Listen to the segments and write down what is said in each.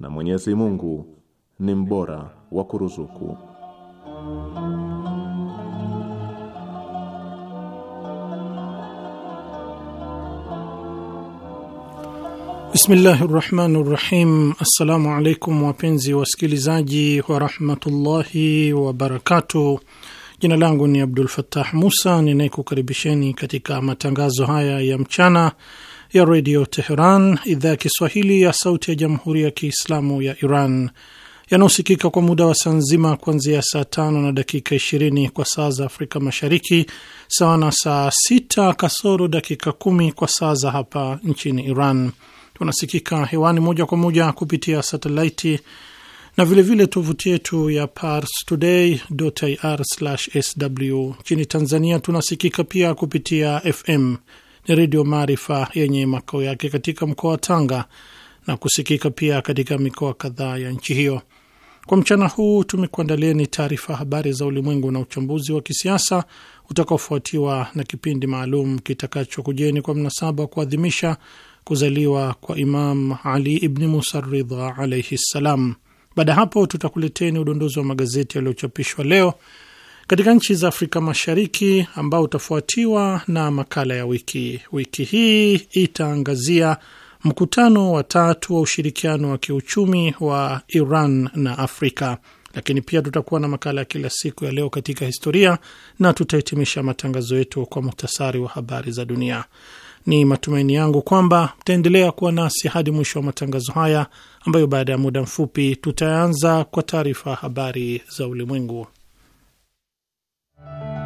na Mwenyezi Mungu ni mbora wa kuruzuku. Bismillahi rahmani rahim. Assalamu alaikum wapenzi wasikilizaji wa rahmatullahi wabarakatuh. Jina langu ni Abdul Fattah Musa ninayekukaribisheni katika matangazo haya ya mchana ya redio Teheran, idhaa ya Kiswahili ya sauti ya jamhuri ya Kiislamu ya Iran, yanaosikika kwa muda wa saa nzima kuanzia saa tano na dakika ishirini kwa saa za Afrika Mashariki, sawa na saa sita kasoro dakika kumi kwa saa za hapa nchini Iran. Tunasikika hewani moja kwa moja kupitia satelaiti na vilevile tovuti yetu ya parstoday.ir/sw. Nchini Tanzania tunasikika pia kupitia FM ni redio Maarifa yenye makao yake katika mkoa wa Tanga na kusikika pia katika mikoa kadhaa ya nchi hiyo. Kwa mchana huu tumekuandalieni taarifa habari za ulimwengu na uchambuzi wa kisiasa utakaofuatiwa na kipindi maalum kitakachokujeni kwa mnasaba wa kuadhimisha kuzaliwa kwa Imam Ali ibni Musa Ridha alaihi ssalam. Baada ya hapo, tutakuleteni udondozi wa magazeti yaliyochapishwa leo katika nchi za Afrika Mashariki, ambao utafuatiwa na makala ya wiki. Wiki hii itaangazia mkutano wa tatu wa ushirikiano wa kiuchumi wa Iran na Afrika, lakini pia tutakuwa na makala ya kila siku ya leo katika historia na tutahitimisha matangazo yetu kwa muhtasari wa habari za dunia. Ni matumaini yangu kwamba mtaendelea kuwa nasi hadi mwisho wa matangazo haya ambayo baada ya muda mfupi tutaanza kwa taarifa habari za ulimwengu. you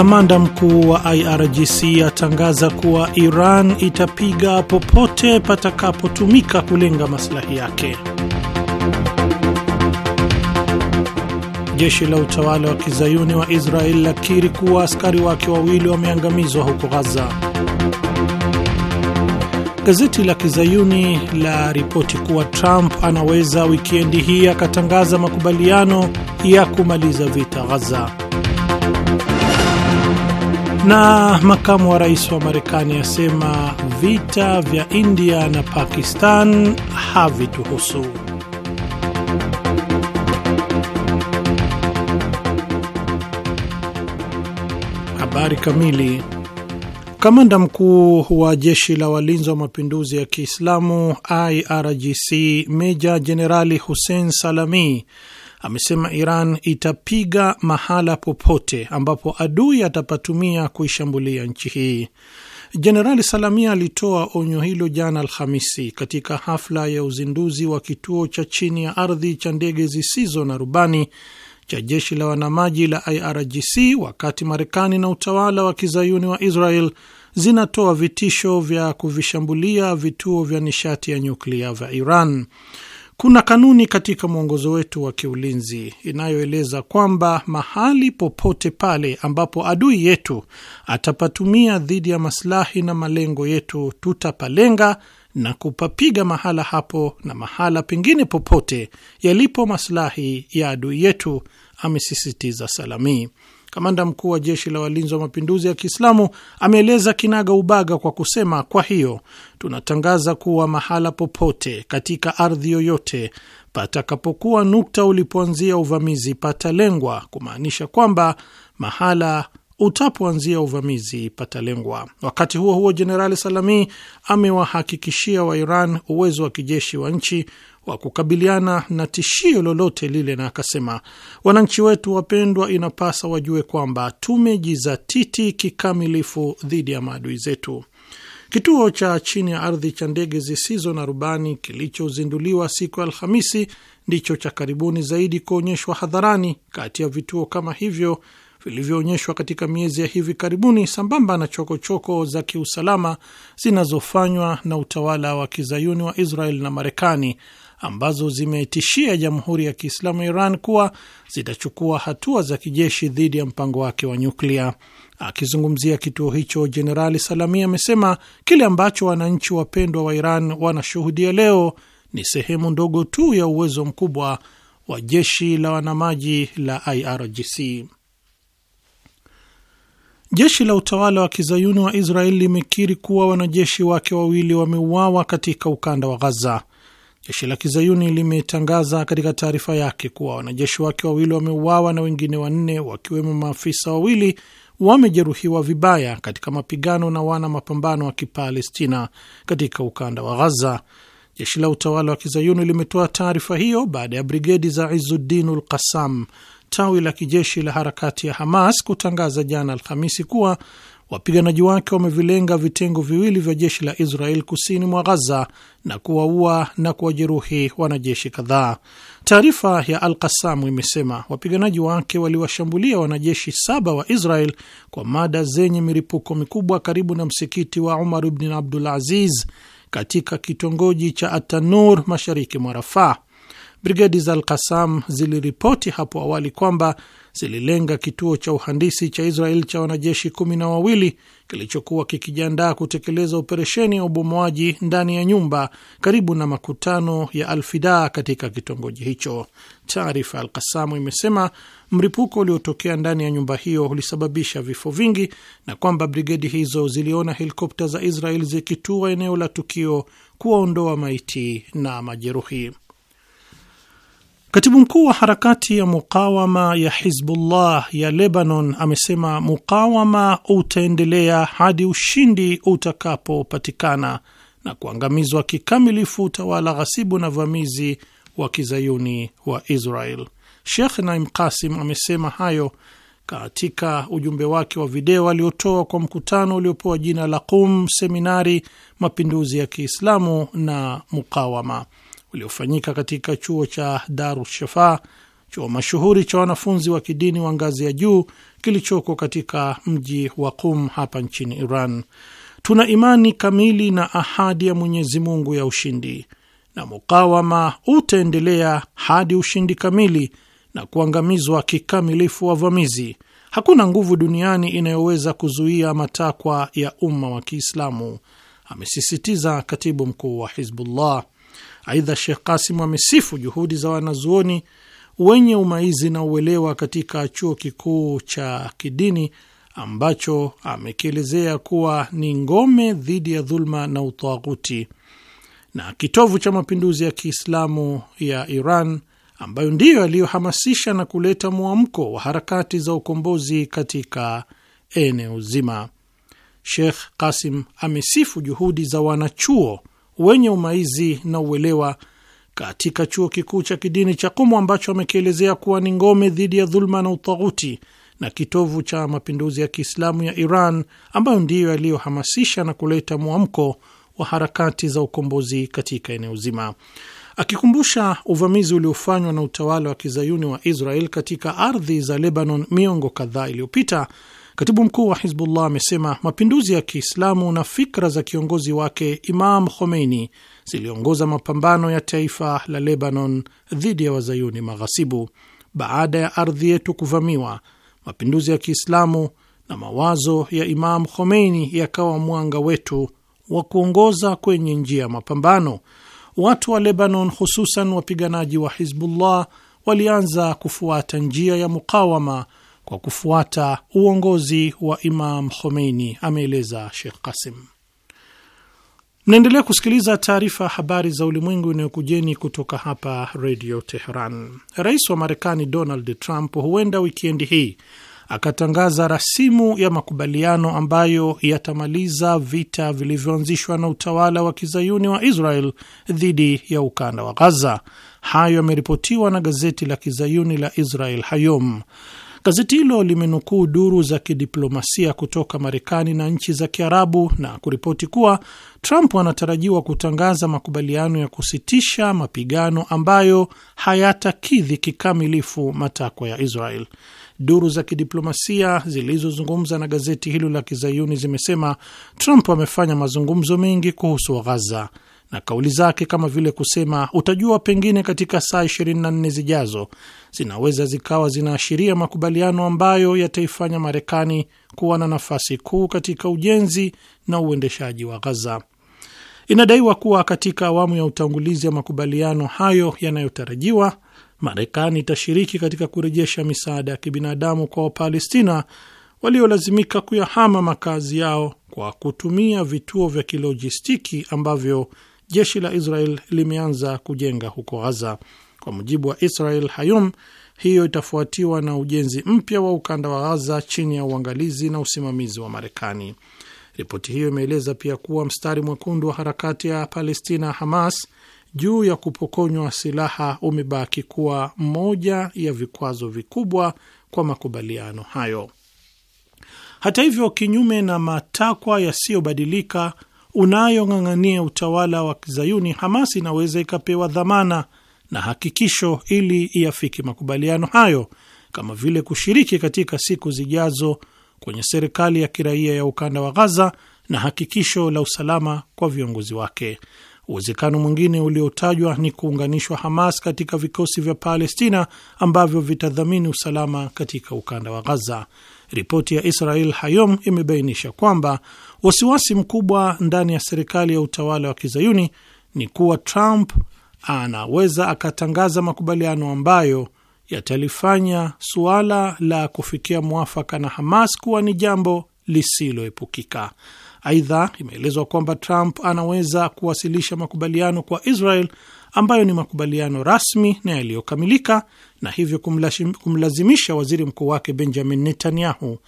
Kamanda mkuu wa IRGC atangaza kuwa Iran itapiga popote patakapotumika kulenga maslahi yake. Jeshi la utawala wa kizayuni wa Israel lakiri kuwa askari wake wawili wameangamizwa huko Ghaza. Gazeti la kizayuni la ripoti kuwa Trump anaweza wikendi hii akatangaza makubaliano ya kumaliza vita Ghaza. Na makamu wa rais wa Marekani asema vita vya India na Pakistan havituhusu. Habari kamili. Kamanda mkuu wa jeshi la walinzi wa mapinduzi ya Kiislamu IRGC meja jenerali Hussein Salami amesema Iran itapiga mahala popote ambapo adui atapatumia kuishambulia nchi hii. Jenerali Salamia alitoa onyo hilo jana Alhamisi katika hafla ya uzinduzi wa kituo cha chini ya ardhi cha ndege zisizo na rubani cha jeshi la wanamaji la IRGC wakati Marekani na utawala wa kizayuni wa Israel zinatoa vitisho vya kuvishambulia vituo vya nishati ya nyuklia vya Iran. Kuna kanuni katika mwongozo wetu wa kiulinzi inayoeleza kwamba mahali popote pale ambapo adui yetu atapatumia dhidi ya maslahi na malengo yetu, tutapalenga na kupapiga mahala hapo na mahala pengine popote yalipo maslahi ya adui yetu, amesisitiza salamii Kamanda mkuu wa jeshi la walinzi wa mapinduzi ya Kiislamu ameeleza kinaga ubaga kwa kusema, kwa hiyo tunatangaza kuwa mahala popote katika ardhi yoyote patakapokuwa nukta ulipoanzia uvamizi patalengwa, kumaanisha kwamba mahala utapoanzia uvamizi patalengwa. Wakati huo huo, Jenerali Salami amewahakikishia wa Iran uwezo wa kijeshi wa nchi wa kukabiliana na tishio lolote lile, na akasema, wananchi wetu wapendwa, inapasa wajue kwamba tumejizatiti kikamilifu dhidi ya maadui zetu. Kituo cha chini ya ardhi cha ndege zisizo na rubani kilichozinduliwa siku ya Alhamisi ndicho cha karibuni zaidi kuonyeshwa hadharani kati ya vituo kama hivyo vilivyoonyeshwa katika miezi ya hivi karibuni, sambamba na chokochoko choko za kiusalama zinazofanywa na utawala wa kizayuni wa Israel na Marekani ambazo zimetishia Jamhuri ya Kiislamu Iran kuwa zitachukua hatua za kijeshi dhidi ya mpango wake wa nyuklia. Akizungumzia kituo hicho, Jenerali Salami amesema kile ambacho wananchi wapendwa wa Iran wanashuhudia leo ni sehemu ndogo tu ya uwezo mkubwa wa jeshi la wanamaji la IRGC. Jeshi la utawala wa kizayuni wa israel limekiri kuwa wanajeshi wake wawili wameuawa katika ukanda wa Ghaza. Jeshi la kizayuni limetangaza katika taarifa yake kuwa wanajeshi wake wawili wameuawa na wengine wanne wakiwemo maafisa wawili wamejeruhiwa vibaya katika mapigano na wana mapambano wa Kipalestina katika ukanda wa Ghaza. Jeshi la utawala wa kizayuni limetoa taarifa hiyo baada ya brigedi za Izuddin ul Qassam, tawi la kijeshi la harakati ya Hamas, kutangaza jana Alhamisi kuwa wapiganaji wake wamevilenga vitengo viwili vya jeshi la Israel kusini mwa Ghaza na kuwaua na kuwajeruhi wanajeshi kadhaa. Taarifa ya Al Qasamu imesema wapiganaji wake waliwashambulia wanajeshi saba wa Israel kwa mada zenye milipuko mikubwa karibu na msikiti wa Umar Ibn Abdul Aziz katika kitongoji cha Atanur mashariki mwa Rafaa. Brigedi za al ziliripoti hapo awali kwamba zililenga kituo cha uhandisi cha Israel cha wanajeshi kumi na wawili kilichokuwa kikijiandaa kutekeleza operesheni ya ubomoaji ndani ya nyumba karibu na makutano ya Alfida katika kitongoji hicho. Taarifa ya Alkasamu imesema mripuko uliotokea ndani ya nyumba hiyo ulisababisha vifo vingi na kwamba brigedi hizo ziliona helikopta za Israel zikitua eneo la tukio kuwaondoa maiti na majeruhi. Katibu mkuu wa harakati ya mukawama ya Hizbullah ya Lebanon amesema mukawama utaendelea hadi ushindi utakapopatikana na kuangamizwa kikamilifu utawala ghasibu na vamizi wa kizayuni wa Israel. Sheikh Naim kasim amesema hayo katika ujumbe wake wa video aliotoa kwa mkutano uliopewa jina la Qum, seminari mapinduzi ya Kiislamu na mukawama uliofanyika katika chuo cha darushafa chuo mashuhuri cha wanafunzi wa kidini wa ngazi ya juu kilichoko katika mji wa Qum hapa nchini Iran. Tuna imani kamili na ahadi ya Mwenyezi Mungu ya ushindi, na mukawama utaendelea hadi ushindi kamili na kuangamizwa kikamilifu wavamizi. Hakuna nguvu duniani inayoweza kuzuia matakwa ya umma wa Kiislamu, amesisitiza katibu mkuu wa Hizbullah. Aidha, Sheikh Kasim amesifu juhudi za wanazuoni wenye umaizi na uelewa katika chuo kikuu cha kidini ambacho amekielezea kuwa ni ngome dhidi ya dhulma na utaghuti na kitovu cha mapinduzi ya Kiislamu ya Iran ambayo ndiyo yaliyohamasisha na kuleta mwamko wa harakati za ukombozi katika eneo zima. Sheikh Kasim amesifu juhudi za wanachuo wenye umaizi na uelewa katika chuo kikuu cha kidini cha Kumu ambacho amekielezea kuwa ni ngome dhidi ya dhuluma na utaghuti na kitovu cha mapinduzi ya Kiislamu ya Iran ambayo ndiyo yaliyohamasisha na kuleta mwamko wa harakati za ukombozi katika eneo zima, akikumbusha uvamizi uliofanywa na utawala wa kizayuni wa Israel katika ardhi za Lebanon miongo kadhaa iliyopita Katibu mkuu wa Hizbullah amesema mapinduzi ya Kiislamu na fikra za kiongozi wake Imam Khomeini ziliongoza mapambano ya taifa la Lebanon dhidi ya wazayuni maghasibu. Baada ya ardhi yetu kuvamiwa, mapinduzi ya Kiislamu na mawazo ya Imam Khomeini yakawa mwanga wetu wa kuongoza kwenye njia ya mapambano. Watu wa Lebanon, hususan wapiganaji wa Hizbullah, walianza kufuata njia ya mukawama kwa kufuata uongozi wa Imam Khomeini, ameeleza Sheikh Kasim. Mnaendelea kusikiliza taarifa ya habari za ulimwengu inayokujeni kutoka hapa redio Teheran. Rais wa Marekani Donald Trump huenda wikendi hii akatangaza rasimu ya makubaliano ambayo yatamaliza vita vilivyoanzishwa na utawala wa kizayuni wa Israel dhidi ya ukanda wa Gaza. Hayo yameripotiwa na gazeti la kizayuni la Israel Hayom. Gazeti hilo limenukuu duru za kidiplomasia kutoka Marekani na nchi za Kiarabu na kuripoti kuwa Trump anatarajiwa kutangaza makubaliano ya kusitisha mapigano ambayo hayatakidhi kikamilifu matakwa ya Israel. Duru za kidiplomasia zilizozungumza na gazeti hilo la kizayuni zimesema Trump amefanya mazungumzo mengi kuhusu Ghaza na kauli zake kama vile kusema utajua pengine katika saa 24 zijazo zinaweza zikawa zinaashiria makubaliano ambayo yataifanya Marekani kuwa na nafasi kuu katika ujenzi na uendeshaji wa Ghaza. Inadaiwa kuwa katika awamu ya utangulizi ya makubaliano hayo yanayotarajiwa, Marekani itashiriki katika kurejesha misaada ya kibinadamu kwa Wapalestina waliolazimika kuyahama makazi yao kwa kutumia vituo vya kilojistiki ambavyo jeshi la Israel limeanza kujenga huko Ghaza. Kwa mujibu wa Israel Hayom, hiyo itafuatiwa na ujenzi mpya wa ukanda wa Ghaza chini ya uangalizi na usimamizi wa Marekani. Ripoti hiyo imeeleza pia kuwa mstari mwekundu wa harakati ya Palestina Hamas juu ya kupokonywa silaha umebaki kuwa moja ya vikwazo vikubwa kwa makubaliano hayo. Hata hivyo, kinyume na matakwa yasiyobadilika unayong'ang'ania utawala wa kizayuni, Hamas inaweza ikapewa dhamana na hakikisho ili iyafiki makubaliano hayo, kama vile kushiriki katika siku zijazo kwenye serikali ya kiraia ya ukanda wa Ghaza na hakikisho la usalama kwa viongozi wake. Uwezekano mwingine uliotajwa ni kuunganishwa Hamas katika vikosi vya Palestina ambavyo vitadhamini usalama katika ukanda wa Ghaza. Ripoti ya Israel Hayom imebainisha kwamba Wasiwasi mkubwa ndani ya serikali ya utawala wa kizayuni ni kuwa Trump anaweza akatangaza makubaliano ambayo yatalifanya suala la kufikia mwafaka na Hamas kuwa ni jambo lisiloepukika. Aidha, imeelezwa kwamba Trump anaweza kuwasilisha makubaliano kwa Israel ambayo ni makubaliano rasmi na yaliyokamilika, na hivyo kumlazimisha waziri mkuu wake Benjamin Netanyahu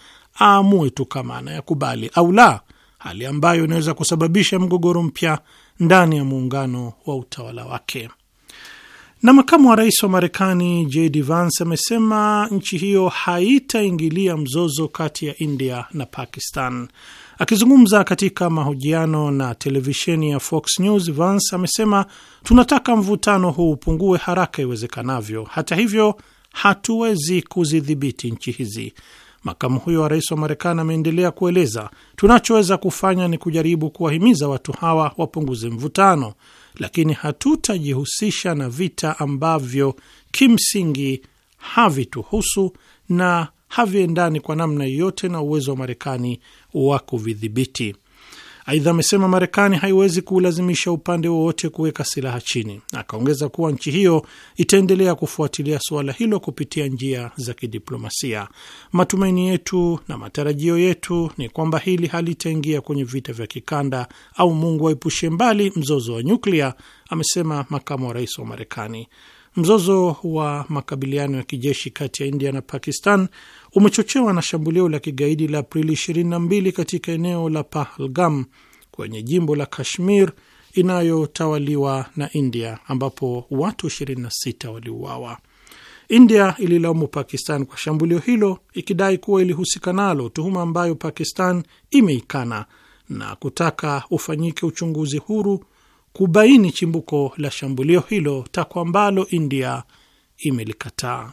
aamue tu kama anayakubali au la, hali ambayo inaweza kusababisha mgogoro mpya ndani ya muungano wa utawala wake. Na makamu wa rais wa Marekani JD Vance amesema nchi hiyo haitaingilia mzozo kati ya India na Pakistan. Akizungumza katika mahojiano na televisheni ya Fox News, Vance amesema tunataka mvutano huu upungue haraka iwezekanavyo. Hata hivyo, hatuwezi kuzidhibiti nchi hizi, Makamu huyo wa rais wa Marekani ameendelea kueleza, tunachoweza kufanya ni kujaribu kuwahimiza watu hawa wapunguze mvutano, lakini hatutajihusisha na vita ambavyo kimsingi havituhusu na haviendani kwa namna yoyote na uwezo wa Marekani wa kuvidhibiti. Aidha amesema Marekani haiwezi kuulazimisha upande wowote kuweka silaha chini. Akaongeza kuwa nchi hiyo itaendelea kufuatilia suala hilo kupitia njia za kidiplomasia. Matumaini yetu na matarajio yetu ni kwamba hili halitaingia kwenye vita vya kikanda au Mungu aepushe mbali mzozo wa nyuklia, amesema makamu wa rais wa Marekani. Mzozo wa makabiliano ya kijeshi kati ya India na Pakistan umechochewa na shambulio la kigaidi la Aprili 22 katika eneo la Pahalgam kwenye jimbo la Kashmir inayotawaliwa na India ambapo watu 26 waliuawa. India ililaumu Pakistan kwa shambulio hilo ikidai kuwa ilihusika nalo, tuhuma ambayo Pakistan imeikana na kutaka ufanyike uchunguzi huru kubaini chimbuko la shambulio hilo, takwa ambalo India imelikataa.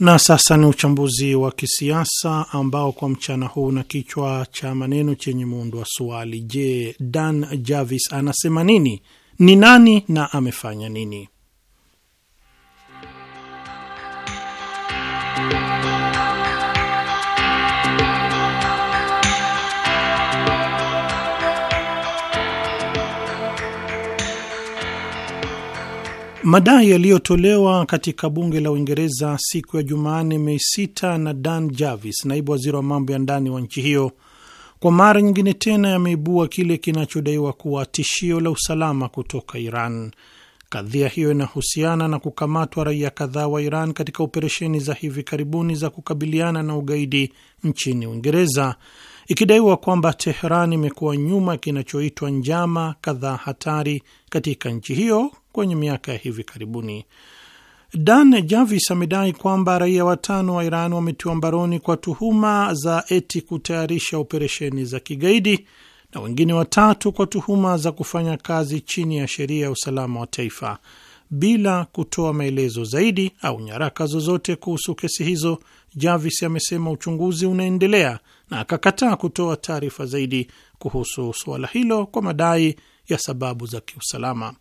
Na sasa ni uchambuzi wa kisiasa ambao kwa mchana huu na kichwa cha maneno chenye muundo wa suali: Je, Dan Jarvis anasema nini? Ni nani na amefanya nini? Madai yaliyotolewa katika bunge la Uingereza siku ya Jumanne, Mei 6 na Dan Jarvis, naibu waziri wa mambo ya ndani wa nchi hiyo, kwa mara nyingine tena yameibua kile kinachodaiwa kuwa tishio la usalama kutoka Iran. Kadhia hiyo inahusiana na kukamatwa raia kadhaa wa Iran katika operesheni za hivi karibuni za kukabiliana na ugaidi nchini Uingereza, ikidaiwa kwamba teheran imekuwa nyuma kinachoitwa njama kadhaa hatari katika nchi hiyo kwenye miaka ya hivi karibuni. Dan Javis amedai kwamba raia watano wa Iran wametiwa mbaroni kwa tuhuma za eti kutayarisha operesheni za kigaidi na wengine watatu kwa tuhuma za kufanya kazi chini ya sheria ya usalama wa taifa bila kutoa maelezo zaidi au nyaraka zozote kuhusu kesi hizo. Javis amesema uchunguzi unaendelea na akakataa kutoa taarifa zaidi kuhusu suala hilo kwa madai ya sababu za kiusalama.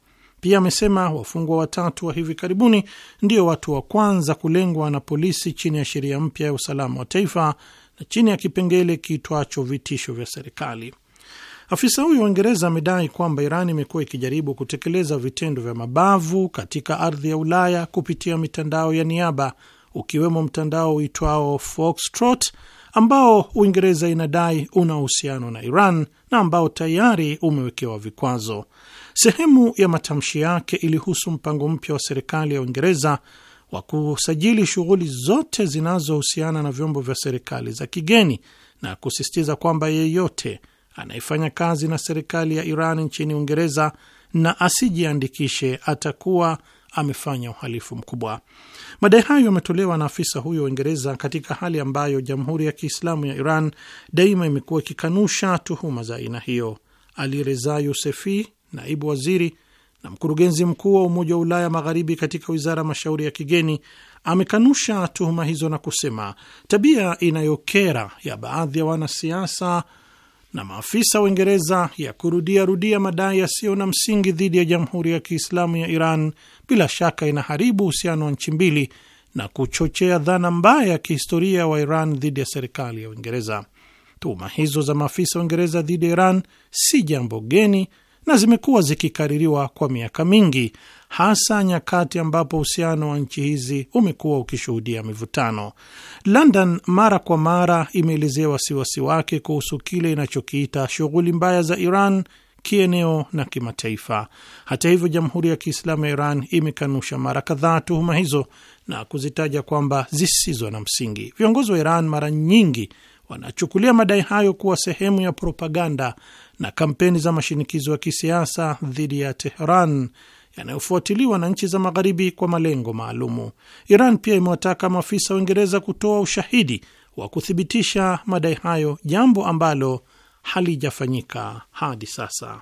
Pia amesema wafungwa watatu wa hivi karibuni ndio watu wa kwanza kulengwa na polisi chini ya sheria mpya ya usalama wa taifa na chini ya kipengele kiitwacho vitisho vya serikali. Afisa huyo wa Uingereza amedai kwamba Iran imekuwa ikijaribu kutekeleza vitendo vya mabavu katika ardhi ya Ulaya kupitia mitandao ya niaba, ukiwemo mtandao uitwao Foxtrot ambao Uingereza inadai una uhusiano na Iran na ambao tayari umewekewa vikwazo. Sehemu ya matamshi yake ilihusu mpango mpya wa serikali ya Uingereza wa kusajili shughuli zote zinazohusiana na vyombo vya serikali za kigeni na kusisitiza kwamba yeyote anayefanya kazi na serikali ya Iran nchini Uingereza na asijiandikishe atakuwa amefanya uhalifu mkubwa. Madai hayo yametolewa na afisa huyo wa Uingereza katika hali ambayo Jamhuri ya Kiislamu ya Iran daima imekuwa ikikanusha tuhuma za aina hiyo. Ali Yusefi, naibu waziri na mkurugenzi mkuu wa Umoja wa Ulaya Magharibi katika wizara ya mashauri ya kigeni amekanusha tuhuma hizo na kusema tabia inayokera ya baadhi ya wanasiasa na maafisa wa Uingereza ya kurudia rudia madai yasiyo na msingi dhidi ya Jamhuri ya Kiislamu ya Iran bila shaka inaharibu uhusiano wa nchi mbili na kuchochea dhana mbaya ya kihistoria wa Iran dhidi ya serikali ya Uingereza. Tuhuma hizo za maafisa wa Uingereza dhidi ya Iran si jambo geni na zimekuwa zikikaririwa kwa miaka mingi, hasa nyakati ambapo uhusiano wa nchi hizi umekuwa ukishuhudia mivutano. London mara kwa mara imeelezea wasiwasi wake kuhusu kile inachokiita shughuli mbaya za Iran kieneo na kimataifa. Hata hivyo, Jamhuri ya Kiislamu ya Iran imekanusha mara kadhaa tuhuma hizo na kuzitaja kwamba zisizo na msingi. Viongozi wa Iran mara nyingi wanachukulia madai hayo kuwa sehemu ya propaganda na kampeni za mashinikizo ya kisiasa dhidi ya Teheran yanayofuatiliwa na nchi za Magharibi kwa malengo maalumu. Iran pia imewataka maafisa wa Uingereza kutoa ushahidi wa kuthibitisha madai hayo, jambo ambalo halijafanyika hadi sasa.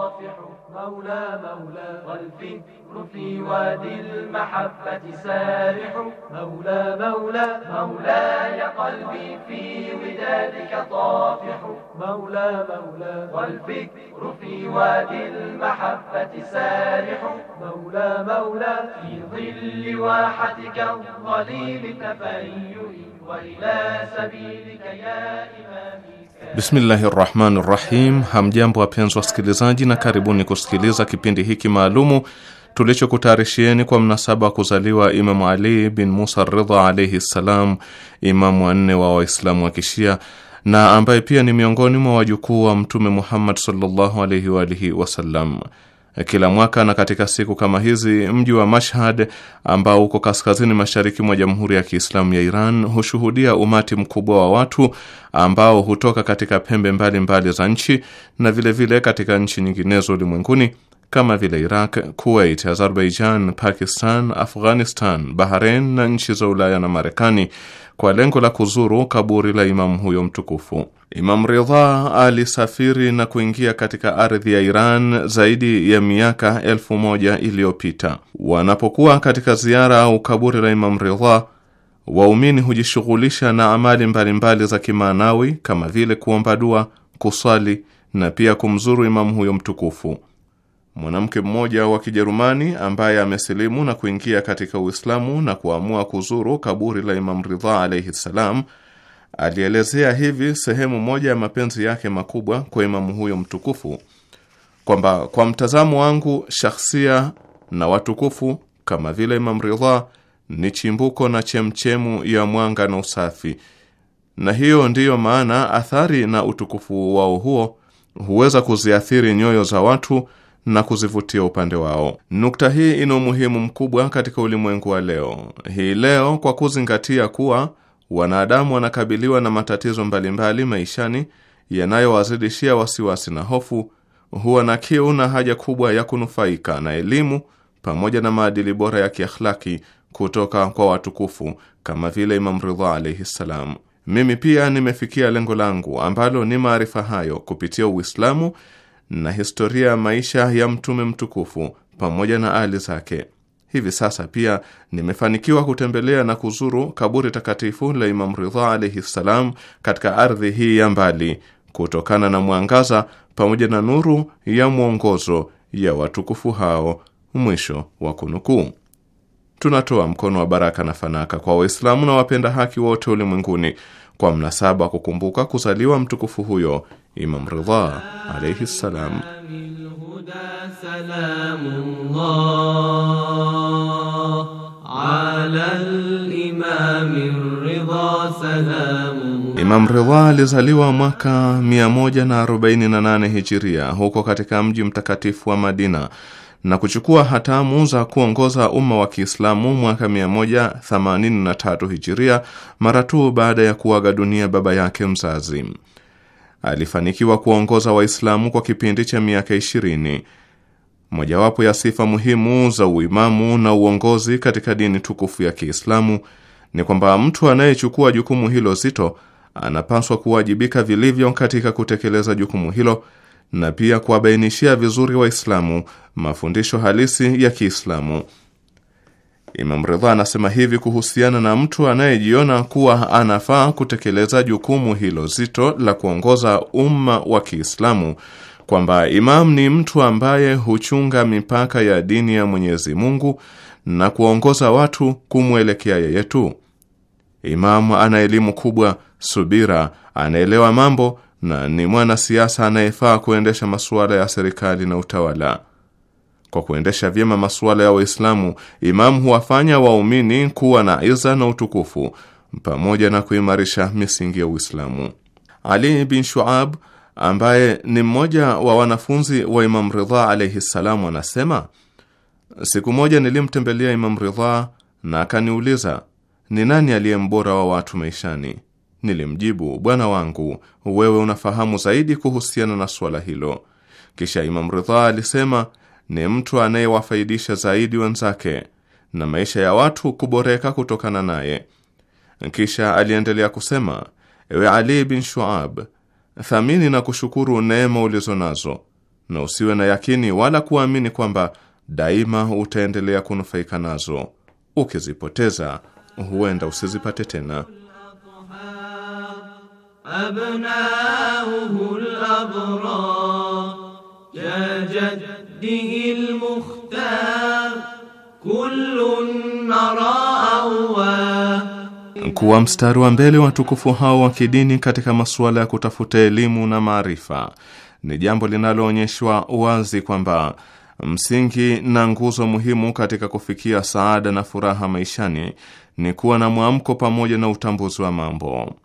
مولى مولى والفكر في وادي المحبة سارح مولى مولى مولاي قلبي في ودادك طافح مولى مولى والفكر في وادي المحبة سارح مولى مولى في ظل واحتك الظليل تفيئي وإلى سبيلك يا إمامي Bismillahi rahmani rahim. Hamjambo wapenzi wasikilizaji, na karibuni kusikiliza kipindi hiki maalumu tulichokutayarishieni kwa mnasaba wa kuzaliwa Imamu Ali bin Musa Ridha alaihi ssalam, imamu wanne wa Waislamu wa Kishia na ambaye pia ni miongoni mwa wajukuu wa Mtume Muhammad sallallahu alaihi waalihi wasallam. Kila mwaka na katika siku kama hizi mji wa Mashhad ambao uko kaskazini mashariki mwa Jamhuri ya Kiislamu ya Iran hushuhudia umati mkubwa wa watu ambao hutoka katika pembe mbalimbali mbali za nchi na vilevile vile katika nchi nyinginezo ulimwenguni kama vile Iraq, Kuwait, Azerbaijan, Pakistan, Afghanistan, Bahrain na nchi za Ulaya na Marekani kwa lengo la kuzuru kaburi la imamu huyo mtukufu. Imam Ridha alisafiri na kuingia katika ardhi ya Iran zaidi ya miaka elfu moja iliyopita. Wanapokuwa katika ziara au kaburi la Imam Ridha, waumini hujishughulisha na amali mbalimbali za kimaanawi kama vile kuomba dua, kuswali na pia kumzuru imamu huyo mtukufu. Mwanamke mmoja wa Kijerumani ambaye amesilimu na kuingia katika Uislamu na kuamua kuzuru kaburi la Imam Ridha alayhi salam alielezea hivi sehemu moja ya mapenzi yake makubwa kwa imamu huyo mtukufu kwamba kwa mtazamo wangu shakhsia na watukufu kama vile Imam Ridha ni chimbuko na chemchemu ya mwanga na usafi, na hiyo ndiyo maana athari na utukufu wao huo huweza kuziathiri nyoyo za watu na kuzivutia upande wao. Nukta hii ina umuhimu mkubwa katika ulimwengu wa leo hii leo, kwa kuzingatia kuwa wanadamu wanakabiliwa na matatizo mbalimbali maishani yanayowazidishia wasiwasi na hofu, huwa na kiu na haja kubwa ya kunufaika na elimu pamoja na maadili bora ya kiakhlaki kutoka kwa watukufu kama vile Imam Ridha alaihi ssalam. Mimi pia nimefikia lengo langu ambalo ni maarifa hayo kupitia Uislamu na historia ya maisha ya mtume mtukufu pamoja na ali zake. Hivi sasa pia nimefanikiwa kutembelea na kuzuru kaburi takatifu la Imam Ridha alaihi ssalam katika ardhi hii ya mbali, kutokana na mwangaza pamoja na nuru ya mwongozo ya watukufu hao. Mwisho wa kunukuu. Tunatoa mkono wa baraka na fanaka kwa Waislamu na wapenda haki wote ulimwenguni kwa mnasaba wa kukumbuka kuzaliwa mtukufu huyo Imam Ridha alayhi salam. Imam Ridha alizaliwa mwaka 148 Hijiria huko katika mji mtakatifu wa Madina na kuchukua hatamu za kuongoza umma wa Kiislamu mwaka 183 Hijiria mara tu baada ya kuaga dunia baba yake mzazi alifanikiwa kuongoza Waislamu kwa kipindi cha miaka ishirini. Mojawapo ya sifa muhimu za uimamu na uongozi katika dini tukufu ya Kiislamu ni kwamba mtu anayechukua jukumu hilo zito anapaswa kuwajibika vilivyo katika kutekeleza jukumu hilo na pia kuwabainishia vizuri Waislamu mafundisho halisi ya Kiislamu. Imam Ridha anasema hivi kuhusiana na mtu anayejiona kuwa anafaa kutekeleza jukumu hilo zito la kuongoza umma wa Kiislamu kwamba imam ni mtu ambaye huchunga mipaka ya dini ya Mwenyezi Mungu na kuwaongoza watu kumwelekea yeye tu. Imam ana elimu kubwa, subira, anaelewa mambo na ni mwanasiasa anayefaa kuendesha masuala ya serikali na utawala. Kwa kuendesha vyema masuala ya Waislamu, imamu huwafanya waumini kuwa na iza na utukufu pamoja na kuimarisha misingi ya Uislamu. Ali bin Shuab ambaye ni mmoja wa wanafunzi wa Imam Ridha alayhi ssalam anasema siku moja nilimtembelea Imam Ridha na akaniuliza ni nani aliye mbora wa watu maishani? Nilimjibu, bwana wangu, wewe unafahamu zaidi kuhusiana na suala hilo. Kisha Imam Ridha alisema ni mtu anayewafaidisha zaidi wenzake na maisha ya watu kuboreka kutokana naye. Kisha aliendelea kusema, ewe Ali bin Shuab, thamini na kushukuru neema ulizo nazo na usiwe na yakini wala kuamini kwamba daima utaendelea kunufaika nazo. Ukizipoteza huenda usizipate tena. المختار كل نرى kuwa mstari wa mbele watukufu hao wa kidini katika masuala ya kutafuta elimu na maarifa ni jambo linaloonyeshwa wazi kwamba msingi na nguzo muhimu katika kufikia saada na furaha maishani ni kuwa na mwamko pamoja na utambuzi wa mambo.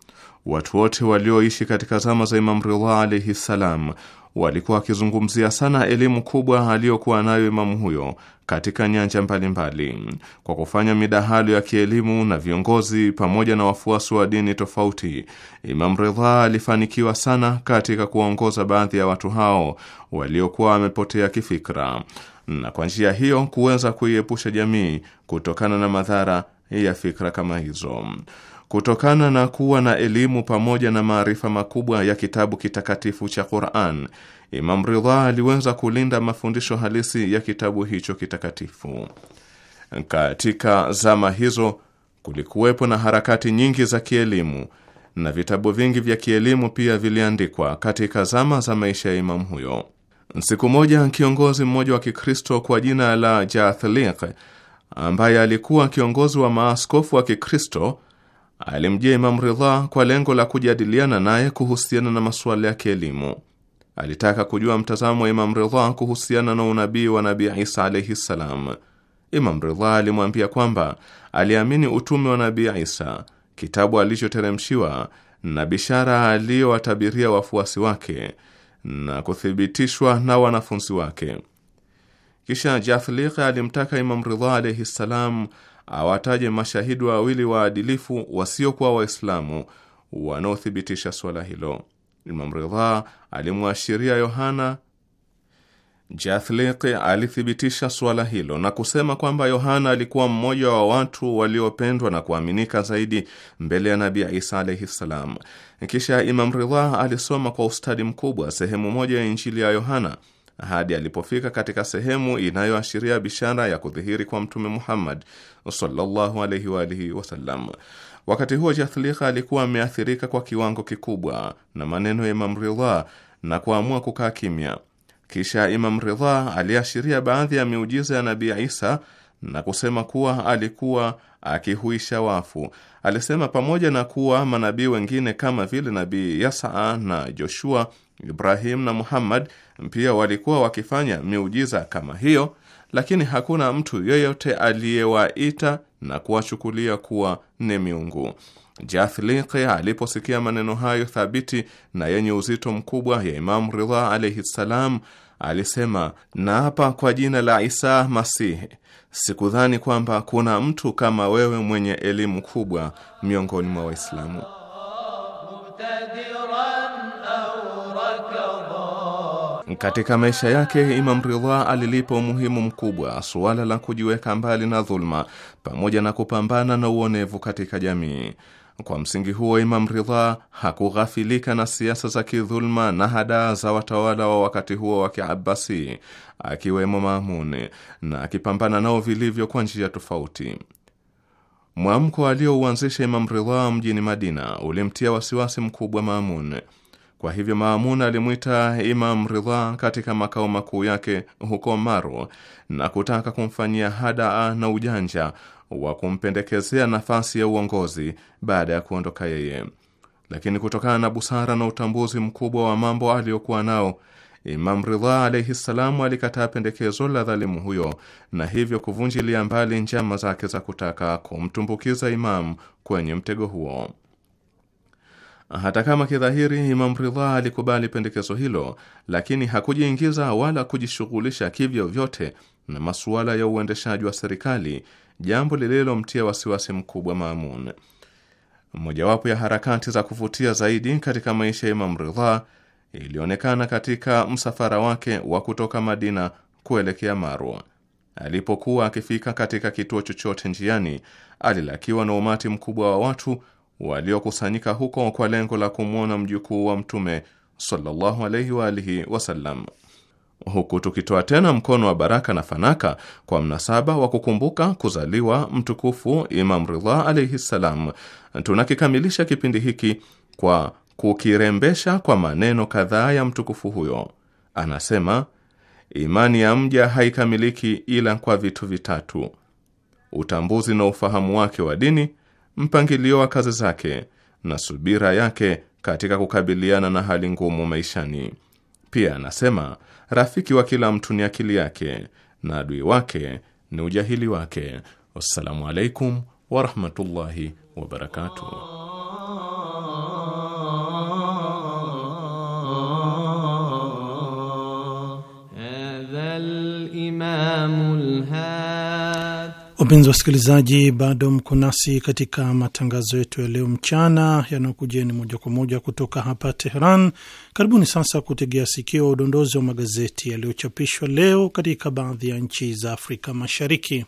Watu wote walioishi katika zama za Imam Ridha alaihi ssalam walikuwa wakizungumzia sana elimu kubwa aliyokuwa nayo imamu huyo katika nyanja mbalimbali Kwa kufanya midahalo ya kielimu na viongozi pamoja na wafuasi wa dini tofauti, Imam Ridha alifanikiwa sana katika kuwaongoza baadhi ya watu hao waliokuwa wamepotea kifikra, na kwa njia hiyo kuweza kuiepusha jamii kutokana na madhara ya fikra kama hizo. Kutokana na kuwa na elimu pamoja na maarifa makubwa ya kitabu kitakatifu cha Qur'an, Imam Ridha aliweza kulinda mafundisho halisi ya kitabu hicho kitakatifu. Katika zama hizo kulikuwepo na harakati nyingi za kielimu na vitabu vingi vya kielimu pia viliandikwa katika zama za maisha ya imamu huyo. Siku moja kiongozi mmoja wa Kikristo kwa jina la Jathliq ambaye alikuwa kiongozi wa maaskofu wa Kikristo alimjia Imam Ridha kwa lengo la kujadiliana naye kuhusiana na masuala ya kielimu. Alitaka kujua mtazamo wa Imam Ridha kuhusiana na unabii wa Nabii Isa alaihi ssalam. Imam Ridha alimwambia kwamba aliamini utume wa Nabii Isa, kitabu alichoteremshiwa na bishara aliyowatabiria wafuasi wake na kuthibitishwa na wanafunzi wake. Kisha Jathliqa alimtaka Imam Ridha alaihi ssalam awataje mashahidi wawili waadilifu wasiokuwa Waislamu wanaothibitisha swala hilo. Imam Ridha alimwashiria Yohana jathliki alithibitisha suala hilo na kusema kwamba Yohana alikuwa mmoja wa watu waliopendwa na kuaminika zaidi mbele ya Nabii Isa alaihi ssalam. Kisha Imam Ridha alisoma kwa ustadi mkubwa sehemu moja ya Injili ya Yohana hadi alipofika katika sehemu inayoashiria bishara ya kudhihiri kwa Mtume Muhammad sallallahu alaihi wa alihi wasallam. Wakati huo Jathlikha alikuwa ameathirika kwa kiwango kikubwa na maneno ya Imam Ridha na kuamua kukaa kimya. Kisha Imam Ridha aliashiria baadhi ya miujiza ya Nabii Isa na kusema kuwa alikuwa akihuisha wafu. Alisema pamoja na kuwa manabii wengine kama vile Nabii Yasa na Joshua Ibrahim na Muhammad pia walikuwa wakifanya miujiza kama hiyo, lakini hakuna mtu yeyote aliyewaita na kuwachukulia kuwa ni miungu. Jathliqi aliposikia maneno hayo thabiti na yenye uzito mkubwa ya Imamu Ridha alaihi ssalam, alisema naapa kwa jina la Isa Masihi, sikudhani kwamba kuna mtu kama wewe mwenye elimu kubwa miongoni mwa Waislamu. Katika maisha yake Imam Ridha alilipa umuhimu mkubwa suala la kujiweka mbali na dhulma pamoja na kupambana na uonevu katika jamii. Kwa msingi huo, Imam Ridha hakughafilika na siasa za kidhulma na hadaa za watawala wa wakati huo wa Kiabasi, akiwemo Maamuni, na akipambana nao vilivyo kwa njia tofauti. Mwamko aliouanzisha Imam Ridha mjini Madina ulimtia wasiwasi mkubwa Mamun. Kwa hivyo Maamun alimwita Imam Ridha katika makao makuu yake huko Maru na kutaka kumfanyia hadaa na ujanja wa kumpendekezea nafasi ya uongozi baada ya kuondoka yeye, lakini kutokana na busara na utambuzi mkubwa wa mambo aliyokuwa nao Imam Ridha alaihi ssalamu alikataa pendekezo la dhalimu huyo na hivyo kuvunjilia mbali njama zake za kutaka kumtumbukiza imamu kwenye mtego huo. Hata kama kidhahiri Imam Ridha alikubali pendekezo hilo, lakini hakujiingiza wala kujishughulisha kivyo vyote na masuala ya uendeshaji wa serikali, jambo lililomtia wasiwasi mkubwa Mamun. Mojawapo ya harakati za kuvutia zaidi katika maisha ya Imam Ridha ilionekana katika msafara wake wa kutoka Madina kuelekea Marwa. Alipokuwa akifika katika kituo chochote njiani, alilakiwa na umati mkubwa wa watu waliokusanyika huko kwa lengo la kumwona mjukuu wa Mtume sallallahu alaihi wa alihi wasallam, huku tukitoa tena mkono wa baraka na fanaka kwa mnasaba wa kukumbuka kuzaliwa mtukufu Imam Ridha alaihi ssalam. Tunakikamilisha kipindi hiki kwa kukirembesha kwa maneno kadhaa ya mtukufu huyo. Anasema, imani ya mja haikamiliki ila kwa vitu vitatu: utambuzi na ufahamu wake wa dini mpangilio wa kazi zake na subira yake katika kukabiliana na hali ngumu maishani. Pia anasema rafiki wa kila mtu ni akili yake na adui wake ni ujahili wake. Wassalamu alaikum warahmatullahi wabarakatuh. Wapenzi wasikilizaji, bado mko nasi katika matangazo yetu ya leo mchana ni moja kwa moja kutoka hapa Teheran. Karibuni sasa kutegea sikio udondozi wa magazeti yaliyochapishwa leo katika baadhi ya nchi za Afrika Mashariki.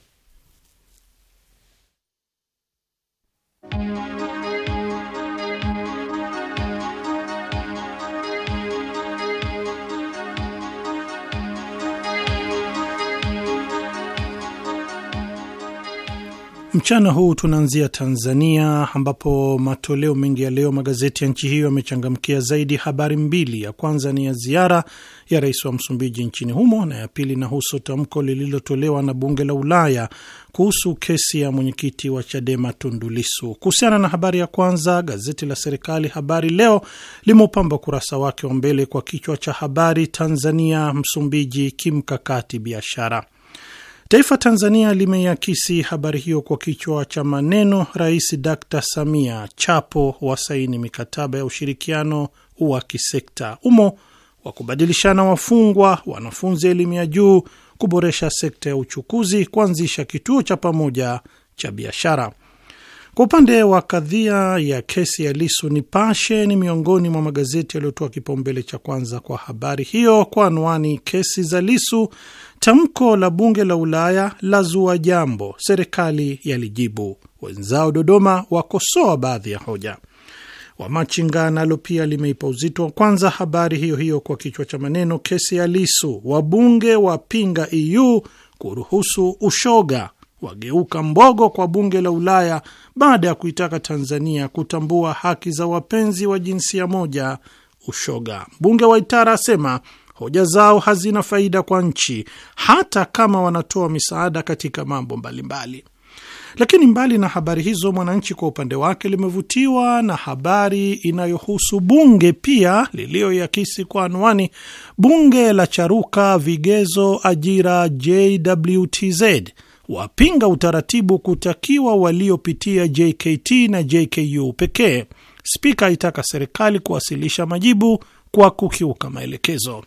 Mchana huu tunaanzia Tanzania, ambapo matoleo mengi ya leo magazeti ya nchi hiyo yamechangamkia zaidi habari mbili. Ya kwanza ni ya ziara ya rais wa Msumbiji nchini humo, na ya pili inahusu tamko lililotolewa na bunge la Ulaya kuhusu kesi ya mwenyekiti wa Chadema tundulisu Kuhusiana na habari ya kwanza, gazeti la serikali Habari Leo limeupamba ukurasa wake wa mbele kwa kichwa cha habari, Tanzania Msumbiji kimkakati biashara Taifa Tanzania limeiakisi habari hiyo kwa kichwa cha maneno, Rais Dr Samia Chapo wasaini mikataba ya ushirikiano wa kisekta, umo wa kubadilishana wafungwa, wanafunzi elimu ya juu, kuboresha sekta ya uchukuzi, kuanzisha kituo cha pamoja cha biashara. Kwa upande wa kadhia ya kesi ya Lisu, Nipashe ni miongoni mwa magazeti yaliyotoa kipaumbele cha kwanza kwa habari hiyo kwa anwani, kesi za Lisu Tamko la bunge la Ulaya la zua jambo, serikali yalijibu. Wenzao Dodoma wakosoa baadhi ya hoja. Wamachinga nalo pia limeipa uzito wa kwanza habari hiyo hiyo kwa kichwa cha maneno, kesi ya Lisu, wabunge wapinga EU kuruhusu ushoga, wageuka mbogo kwa bunge la Ulaya baada ya kuitaka Tanzania kutambua haki za wapenzi wa jinsia moja ushoga. Mbunge wa Itara asema Hoja zao hazina faida kwa nchi, hata kama wanatoa misaada katika mambo mbalimbali. Lakini mbali na habari hizo, Mwananchi kwa upande wake limevutiwa na habari inayohusu bunge pia liliyoiakisi kwa anwani, bunge la charuka vigezo ajira JWTZ wapinga utaratibu kutakiwa waliopitia JKT na JKU pekee. Spika aitaka serikali kuwasilisha majibu kwa kukiuka maelekezo.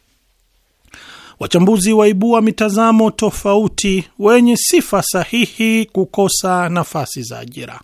Wachambuzi waibua mitazamo tofauti, wenye sifa sahihi kukosa nafasi za ajira.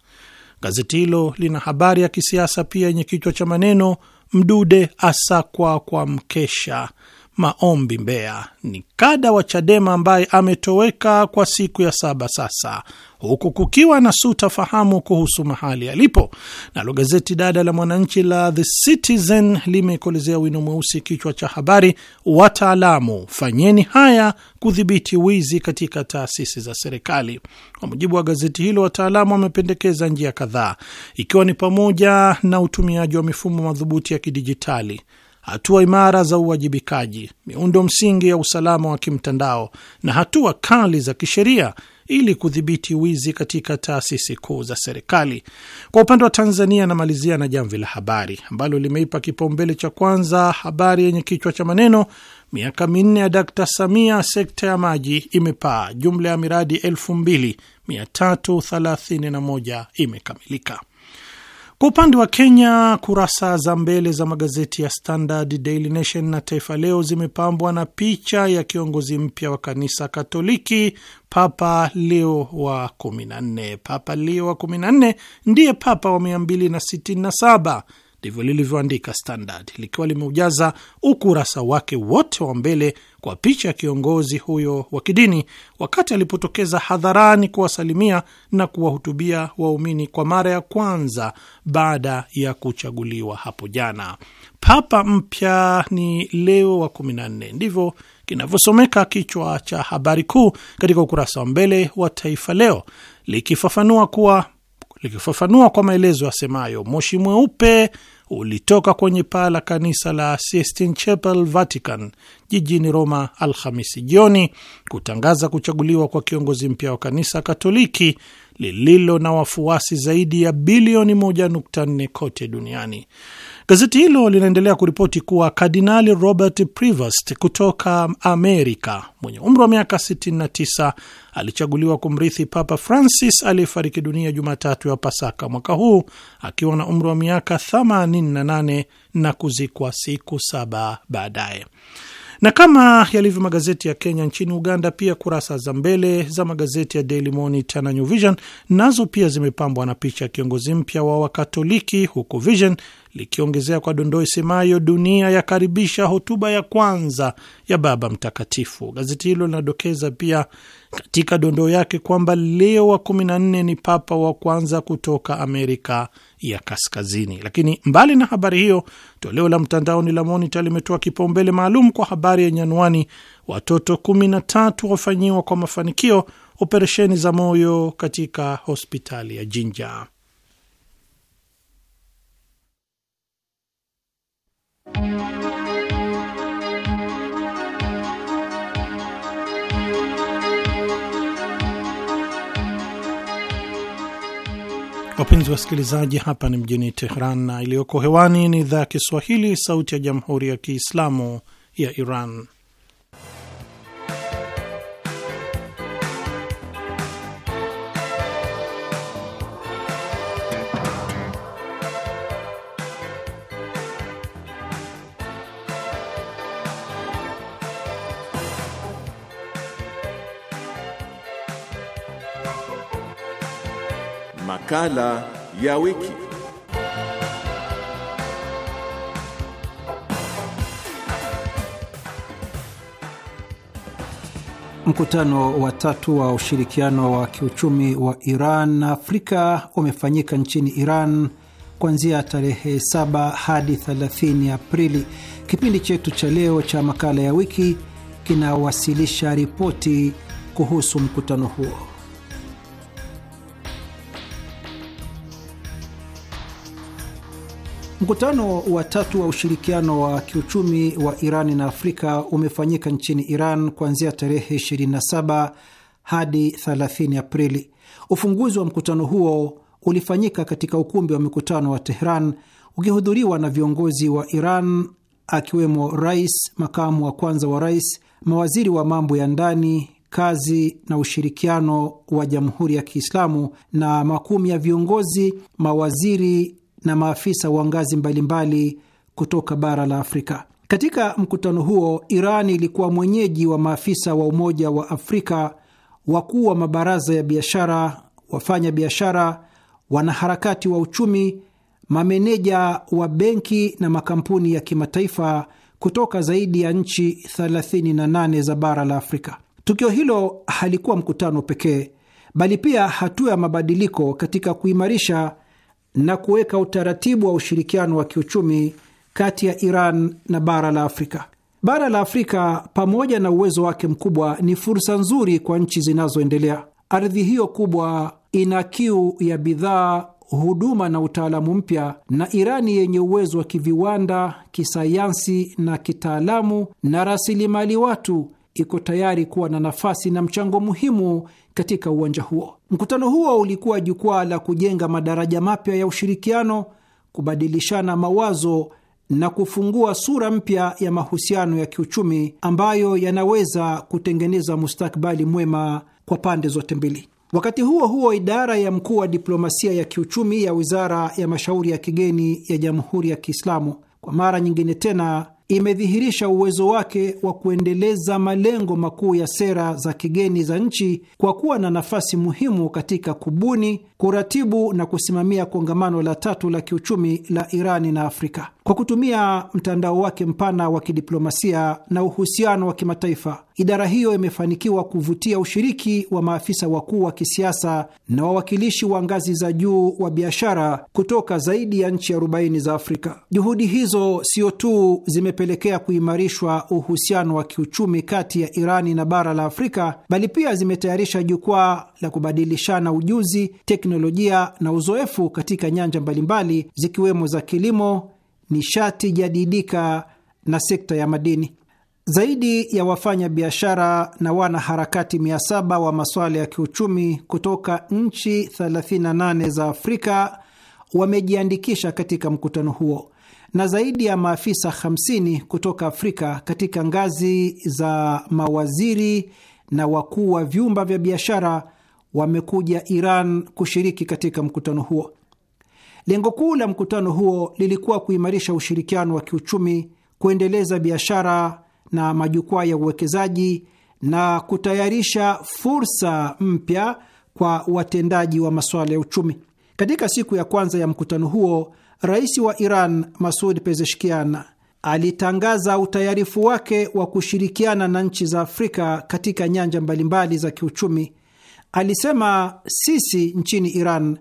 Gazeti hilo lina habari ya kisiasa pia yenye kichwa cha maneno Mdude asakwa kwa mkesha Maombi mbea ni kada wa Chadema ambaye ametoweka kwa siku ya saba sasa, huku kukiwa na sintofahamu kuhusu mahali alipo. Nalo gazeti dada la Mwananchi la The Citizen limekolezea wino mweusi kichwa cha habari, wataalamu fanyeni haya kudhibiti wizi katika taasisi za serikali. Kwa mujibu wa gazeti hilo, wataalamu wamependekeza njia kadhaa, ikiwa ni pamoja na utumiaji wa mifumo madhubuti ya kidijitali hatua imara za uwajibikaji, miundo msingi ya usalama wa kimtandao na hatua kali za kisheria ili kudhibiti wizi katika taasisi kuu za serikali. Kwa upande wa Tanzania, anamalizia na Jamvi la Habari ambalo limeipa kipaumbele cha kwanza habari yenye kichwa cha maneno miaka minne ya Dkt Samia, sekta ya maji imepaa, jumla ya miradi 2331 imekamilika. Kwa upande wa Kenya, kurasa za mbele za magazeti ya Standard, Daily Nation na Taifa Leo zimepambwa na picha ya kiongozi mpya wa kanisa Katoliki, Papa Leo wa 14. Papa Leo wa 14 ndiye papa wa 267 ndivyo lilivyoandika Standard likiwa limeujaza ukurasa wake wote wa mbele kwa picha ya kiongozi huyo wa kidini wakati alipotokeza hadharani kuwasalimia na kuwahutubia waumini kwa mara ya kwanza baada ya kuchaguliwa hapo jana. Papa mpya ni Leo wa 14, ndivyo kinavyosomeka kichwa cha habari kuu katika ukurasa wa mbele wa Taifa Leo likifafanua kuwa likifafanua kwa maelezo yasemayo moshi mweupe ulitoka kwenye paa la kanisa la Sistine Chapel, Vatican, jijini Roma Alhamisi jioni kutangaza kuchaguliwa kwa kiongozi mpya wa kanisa Katoliki lililo na wafuasi zaidi ya bilioni 1.4 kote duniani. Gazeti hilo linaendelea kuripoti kuwa Kardinali Robert Prevost kutoka Amerika mwenye umri wa miaka 69 alichaguliwa kumrithi Papa Francis aliyefariki dunia Jumatatu ya Pasaka mwaka huu akiwa na umri wa miaka 88 na kuzikwa siku saba baadaye. Na kama yalivyo magazeti ya Kenya, nchini Uganda pia kurasa za mbele za magazeti ya Daily Monitor na New Vision nazo pia zimepambwa na picha ya kiongozi mpya wa Wakatoliki, huku Vision likiongezea kwa dondoo isemayo dunia yakaribisha hotuba ya kwanza ya Baba Mtakatifu. Gazeti hilo linadokeza pia katika dondoo yake kwamba Leo wa 14 ni papa wa kwanza kutoka Amerika ya Kaskazini. Lakini mbali na habari hiyo, toleo la mtandaoni la Monita limetoa kipaumbele maalum kwa habari yenye anwani watoto 13 wafanyiwa kwa mafanikio operesheni za moyo katika hospitali ya Jinja. Wapenzi wasikilizaji, hapa ni mjini Tehran na iliyoko hewani ni idhaa ya Kiswahili, sauti ya jamhuri ya kiislamu ya Iran. Makala ya wiki. Mkutano wa tatu wa ushirikiano wa kiuchumi wa Iran na Afrika umefanyika nchini Iran kuanzia tarehe 7 hadi 30 Aprili. Kipindi chetu cha leo cha makala ya wiki kinawasilisha ripoti kuhusu mkutano huo. Mkutano wa tatu wa ushirikiano wa kiuchumi wa iran na Afrika umefanyika nchini Iran kuanzia tarehe 27 hadi 30 Aprili. Ufunguzi wa mkutano huo ulifanyika katika ukumbi wa mikutano wa Tehran ukihudhuriwa na viongozi wa Iran akiwemo rais, makamu wa kwanza wa rais, mawaziri wa mambo ya ndani, kazi na ushirikiano wa Jamhuri ya Kiislamu na makumi ya viongozi, mawaziri na maafisa wa ngazi mbalimbali kutoka bara la Afrika. Katika mkutano huo, Iran ilikuwa mwenyeji wa maafisa wa Umoja wa Afrika, wakuu wa mabaraza ya biashara, wafanya biashara, wanaharakati wa uchumi, mameneja wa benki na makampuni ya kimataifa kutoka zaidi ya nchi 38 za bara la Afrika. Tukio hilo halikuwa mkutano pekee, bali pia hatua ya mabadiliko katika kuimarisha na kuweka utaratibu wa ushirikiano wa kiuchumi kati ya Iran na bara la Afrika. Bara la Afrika pamoja na uwezo wake mkubwa ni fursa nzuri kwa nchi zinazoendelea. Ardhi hiyo kubwa ina kiu ya bidhaa, huduma na utaalamu mpya, na Irani yenye uwezo wa kiviwanda, kisayansi na kitaalamu na rasilimali watu iko tayari kuwa na nafasi na mchango muhimu katika uwanja huo. Mkutano huo ulikuwa jukwaa la kujenga madaraja mapya ya ushirikiano, kubadilishana mawazo na kufungua sura mpya ya mahusiano ya kiuchumi ambayo yanaweza kutengeneza mustakabali mwema kwa pande zote mbili. Wakati huo huo, idara ya mkuu wa diplomasia ya kiuchumi ya wizara ya mashauri ya kigeni ya Jamhuri ya Kiislamu kwa mara nyingine tena imedhihirisha uwezo wake wa kuendeleza malengo makuu ya sera za kigeni za nchi kwa kuwa na nafasi muhimu katika kubuni, kuratibu na kusimamia kongamano la tatu la kiuchumi la Irani na Afrika. Kwa kutumia mtandao wake mpana wa kidiplomasia na uhusiano wa kimataifa, idara hiyo imefanikiwa kuvutia ushiriki wa maafisa wakuu wa kisiasa na wawakilishi wa ngazi za juu wa biashara kutoka zaidi ya nchi 40 za Afrika. Juhudi hizo sio tu zimepelekea kuimarishwa uhusiano wa kiuchumi kati ya Irani na bara la Afrika, bali pia zimetayarisha jukwaa la kubadilishana ujuzi, teknolojia na uzoefu katika nyanja mbalimbali zikiwemo za kilimo nishati jadidika na sekta ya madini. Zaidi ya wafanya biashara na wanaharakati 700 wa masuala ya kiuchumi kutoka nchi 38 za Afrika wamejiandikisha katika mkutano huo na zaidi ya maafisa 50 kutoka Afrika katika ngazi za mawaziri na wakuu wa vyumba vya biashara wamekuja Iran kushiriki katika mkutano huo. Lengo kuu la mkutano huo lilikuwa kuimarisha ushirikiano wa kiuchumi, kuendeleza biashara na majukwaa ya uwekezaji na kutayarisha fursa mpya kwa watendaji wa masuala ya uchumi. Katika siku ya kwanza ya mkutano huo, rais wa Iran Masud Pezeshkian alitangaza utayarifu wake wa kushirikiana na nchi za Afrika katika nyanja mbalimbali za kiuchumi. Alisema, sisi nchini Iran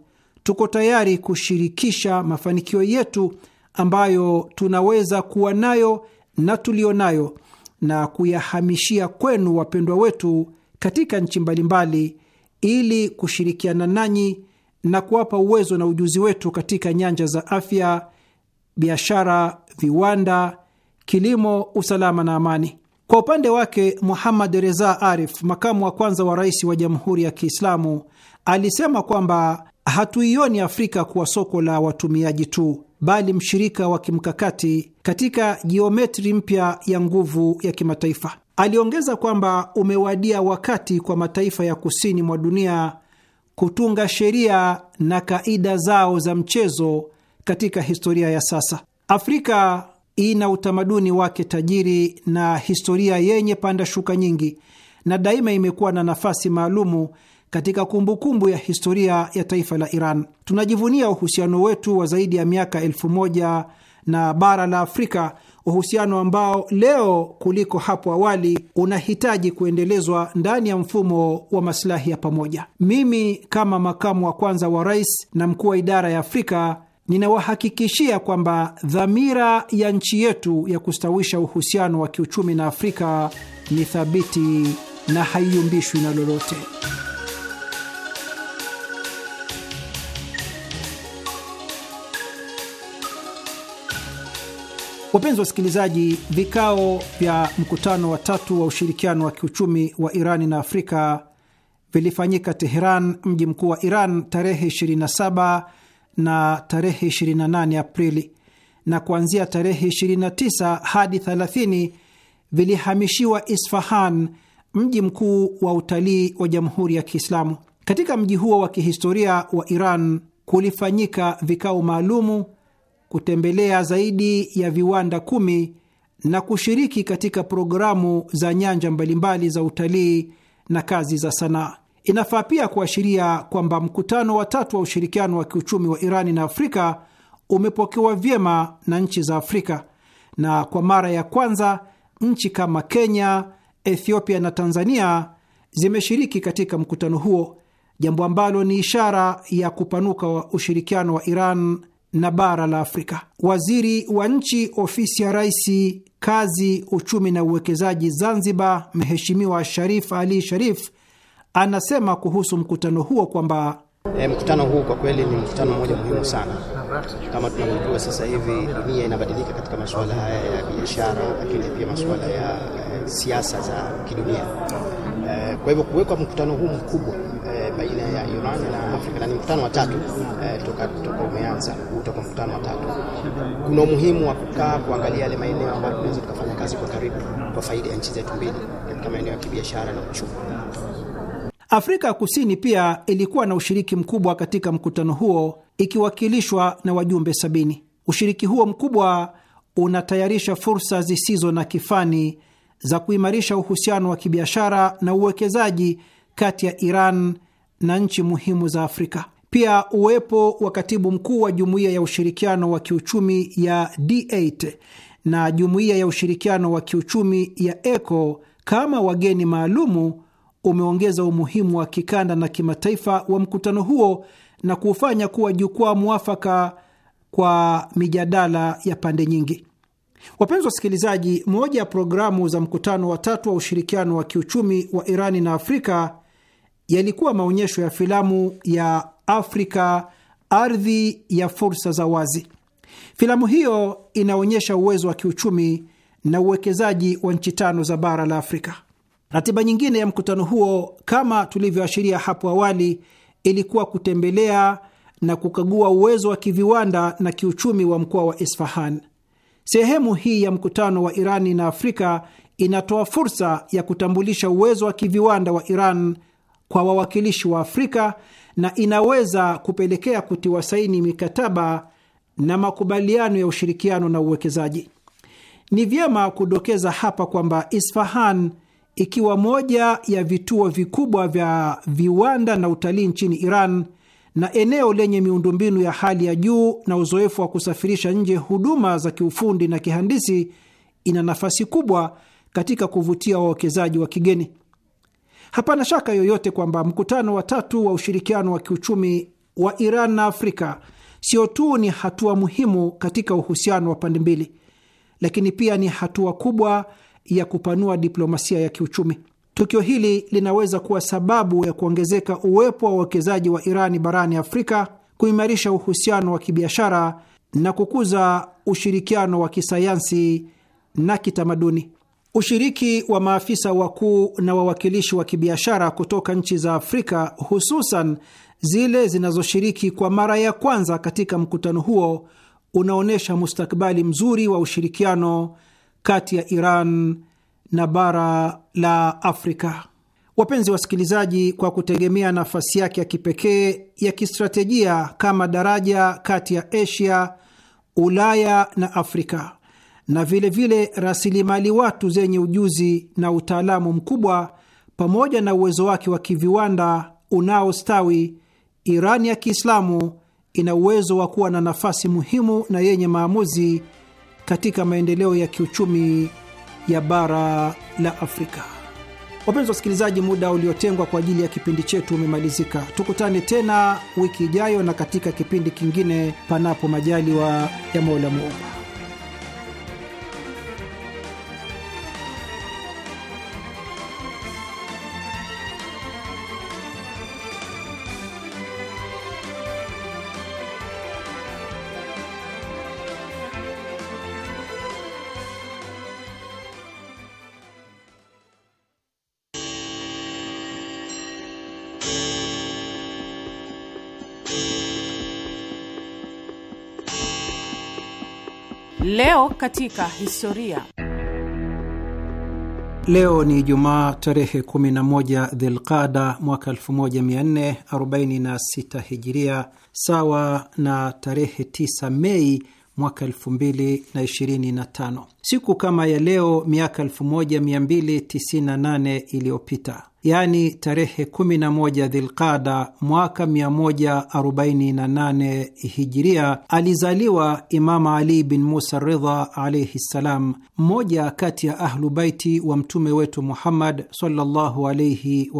tuko tayari kushirikisha mafanikio yetu ambayo tunaweza kuwa nayo na tuliyo nayo na kuyahamishia kwenu wapendwa wetu katika nchi mbalimbali, ili kushirikiana nanyi na kuwapa uwezo na ujuzi wetu katika nyanja za afya, biashara, viwanda, kilimo, usalama na amani. Kwa upande wake, Muhammad Reza Arif, makamu wa kwanza wa rais wa Jamhuri ya Kiislamu, alisema kwamba hatuioni Afrika kuwa soko la watumiaji tu, bali mshirika wa kimkakati katika jiometri mpya ya nguvu ya kimataifa. Aliongeza kwamba umewadia wakati kwa mataifa ya kusini mwa dunia kutunga sheria na kaida zao za mchezo katika historia ya sasa. Afrika ina utamaduni wake tajiri na historia yenye panda shuka nyingi, na daima imekuwa na nafasi maalumu katika kumbukumbu ya historia ya taifa la Iran. Tunajivunia uhusiano wetu wa zaidi ya miaka elfu moja na bara la Afrika, uhusiano ambao leo kuliko hapo awali unahitaji kuendelezwa ndani ya mfumo wa masilahi ya pamoja. Mimi kama makamu wa kwanza wa rais na mkuu wa idara ya Afrika ninawahakikishia kwamba dhamira ya nchi yetu ya kustawisha uhusiano wa kiuchumi na Afrika ni thabiti na haiyumbishwi na lolote. Wapenzi wasikilizaji, vikao vya mkutano wa tatu wa ushirikiano wa kiuchumi wa Irani na Afrika vilifanyika Teheran, mji mkuu wa Iran, tarehe 27 na tarehe 28 Aprili, na kuanzia tarehe 29 hadi 30 vilihamishiwa Isfahan, mji mkuu wa utalii wa Jamhuri ya Kiislamu. Katika mji huo wa kihistoria wa Iran kulifanyika vikao maalumu kutembelea zaidi ya viwanda kumi na kushiriki katika programu za nyanja mbalimbali za utalii na kazi za sanaa. Inafaa pia kuashiria kwamba mkutano wa tatu wa ushirikiano wa kiuchumi wa Irani na Afrika umepokewa vyema na nchi za Afrika, na kwa mara ya kwanza nchi kama Kenya, Ethiopia na Tanzania zimeshiriki katika mkutano huo, jambo ambalo ni ishara ya kupanuka wa ushirikiano wa Iran na bara la Afrika. Waziri wa nchi ofisi ya rais, kazi, uchumi na uwekezaji Zanzibar, Mheshimiwa Sharif Ali Sharif anasema kuhusu mkutano huo kwamba E, mkutano huu kwa kweli ni mkutano mmoja muhimu sana. Kama tunavyojua sasa hivi dunia inabadilika katika masuala haya ya biashara, lakini pia masuala ya e, siasa za kidunia. E, kwa hivyo kuwekwa mkutano huu mkubwa e, baina ya Iran na na ni mkutano wa tatu eh, toka, toka umeanza utakuwa mkutano wa tatu. Kuna umuhimu wa kukaa kuangalia yale maeneo ambayo tunaweza tukafanya kazi kwa karibu kwa faida ya nchi zetu mbili katika maeneo ya kibiashara na uchumi. Afrika ya Kusini pia ilikuwa na ushiriki mkubwa katika mkutano huo ikiwakilishwa na wajumbe sabini. Ushiriki huo mkubwa unatayarisha fursa zisizo na kifani za kuimarisha uhusiano wa kibiashara na uwekezaji kati ya Iran na nchi muhimu za Afrika. Pia uwepo wa katibu mkuu wa jumuiya ya ushirikiano wa kiuchumi ya D8 na jumuiya ya ushirikiano wa kiuchumi ya ECO kama wageni maalumu umeongeza umuhimu wa kikanda na kimataifa wa mkutano huo na kuufanya kuwa jukwaa mwafaka kwa mijadala ya pande nyingi. Wapenzi wasikilizaji, moja ya programu za mkutano wa tatu wa ushirikiano wa kiuchumi wa Irani na Afrika yalikuwa maonyesho ya filamu ya Afrika ardhi ya fursa za wazi. Filamu hiyo inaonyesha uwezo wa kiuchumi na uwekezaji wa nchi tano za bara la Afrika. Ratiba nyingine ya mkutano huo, kama tulivyoashiria hapo awali, ilikuwa kutembelea na kukagua uwezo wa kiviwanda na kiuchumi wa mkoa wa Isfahan. Sehemu hii ya mkutano wa Irani na Afrika inatoa fursa ya kutambulisha uwezo wa kiviwanda wa Iran kwa wawakilishi wa Afrika na inaweza kupelekea kutiwa saini mikataba na makubaliano ya ushirikiano na uwekezaji. Ni vyema kudokeza hapa kwamba Isfahan ikiwa moja ya vituo vikubwa vya viwanda na utalii nchini Iran na eneo lenye miundombinu ya hali ya juu na uzoefu wa kusafirisha nje huduma za kiufundi na kihandisi, ina nafasi kubwa katika kuvutia wawekezaji wa kigeni. Hapana shaka yoyote kwamba mkutano wa tatu wa ushirikiano wa kiuchumi wa Iran na Afrika sio tu ni hatua muhimu katika uhusiano wa pande mbili, lakini pia ni hatua kubwa ya kupanua diplomasia ya kiuchumi. Tukio hili linaweza kuwa sababu ya kuongezeka uwepo wa uwekezaji wa Irani barani Afrika, kuimarisha uhusiano wa kibiashara na kukuza ushirikiano wa kisayansi na kitamaduni. Ushiriki wa maafisa wakuu na wawakilishi wa kibiashara kutoka nchi za Afrika, hususan zile zinazoshiriki kwa mara ya kwanza katika mkutano huo, unaonyesha mustakabali mzuri wa ushirikiano kati ya Iran na bara la Afrika. Wapenzi wasikilizaji, kwa kutegemea nafasi yake ya kipekee ya kistratejia kama daraja kati ya Asia, Ulaya na Afrika, na vilevile rasilimali watu zenye ujuzi na utaalamu mkubwa pamoja na uwezo wake wa kiviwanda unaostawi, Irani ya Kiislamu ina uwezo wa kuwa na nafasi muhimu na yenye maamuzi katika maendeleo ya kiuchumi ya bara la Afrika. Wapenzi wasikilizaji, muda uliotengwa kwa ajili ya kipindi chetu umemalizika. Tukutane tena wiki ijayo na katika kipindi kingine, panapo majaliwa ya Mola Muumba. katika historia. Leo ni Jumaa tarehe 11 Dhilqada mwaka 1446 Hijiria, sawa na tarehe 9 Mei mwaka Siku kama ya leo miaka 1298 iliyopita, yaani tarehe 11 Dhilqada mwaka 148 Hijiria, alizaliwa Imama Ali bin Musa Ridha alaihi ssalam, mmoja kati ya Ahlu Baiti wa mtume wetu Muhammad sallallahu alaihi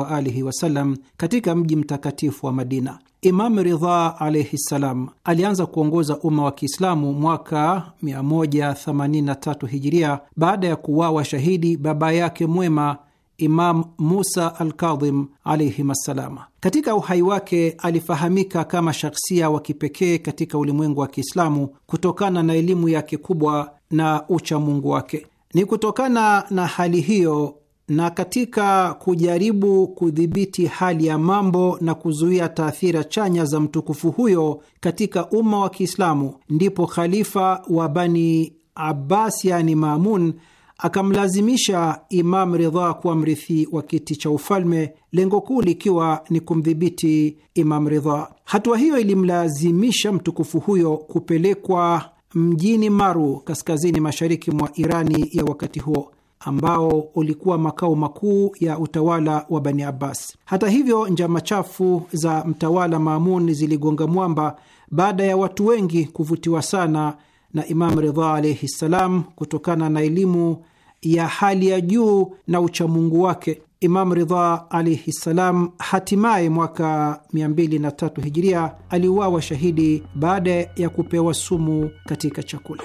katika mji mtakatifu wa Madina. Imam Ridha alaihi ssalam alianza kuongoza umma wa Kiislamu mwaka 183 hijiria baada ya kuwawa shahidi baba yake mwema Imam Musa Alkadhim alaihim assalama. Katika uhai wake alifahamika kama shakhsia wa kipekee katika ulimwengu wa Kiislamu kutokana na elimu yake kubwa na uchamungu wake. Ni kutokana na hali hiyo na katika kujaribu kudhibiti hali ya mambo na kuzuia taathira chanya za mtukufu huyo katika umma wa Kiislamu, ndipo khalifa wa Bani Abbas yani Mamun akamlazimisha Imam Ridha kuwa mrithi wa kiti cha ufalme, lengo kuu likiwa ni kumdhibiti Imam Ridha. Hatua hiyo ilimlazimisha mtukufu huyo kupelekwa mjini Maru, kaskazini mashariki mwa Irani ya wakati huo ambao ulikuwa makao makuu ya utawala wa Bani Abbas. Hata hivyo, njama chafu za mtawala Maamuni ziligonga mwamba baada ya watu wengi kuvutiwa sana na Imam Ridha alaihi ssalam kutokana na elimu ya hali ya juu na uchamungu wake. Imam Ridha alaihi ssalam hatimaye mwaka 203 hijiria aliuawa shahidi baada ya kupewa sumu katika chakula.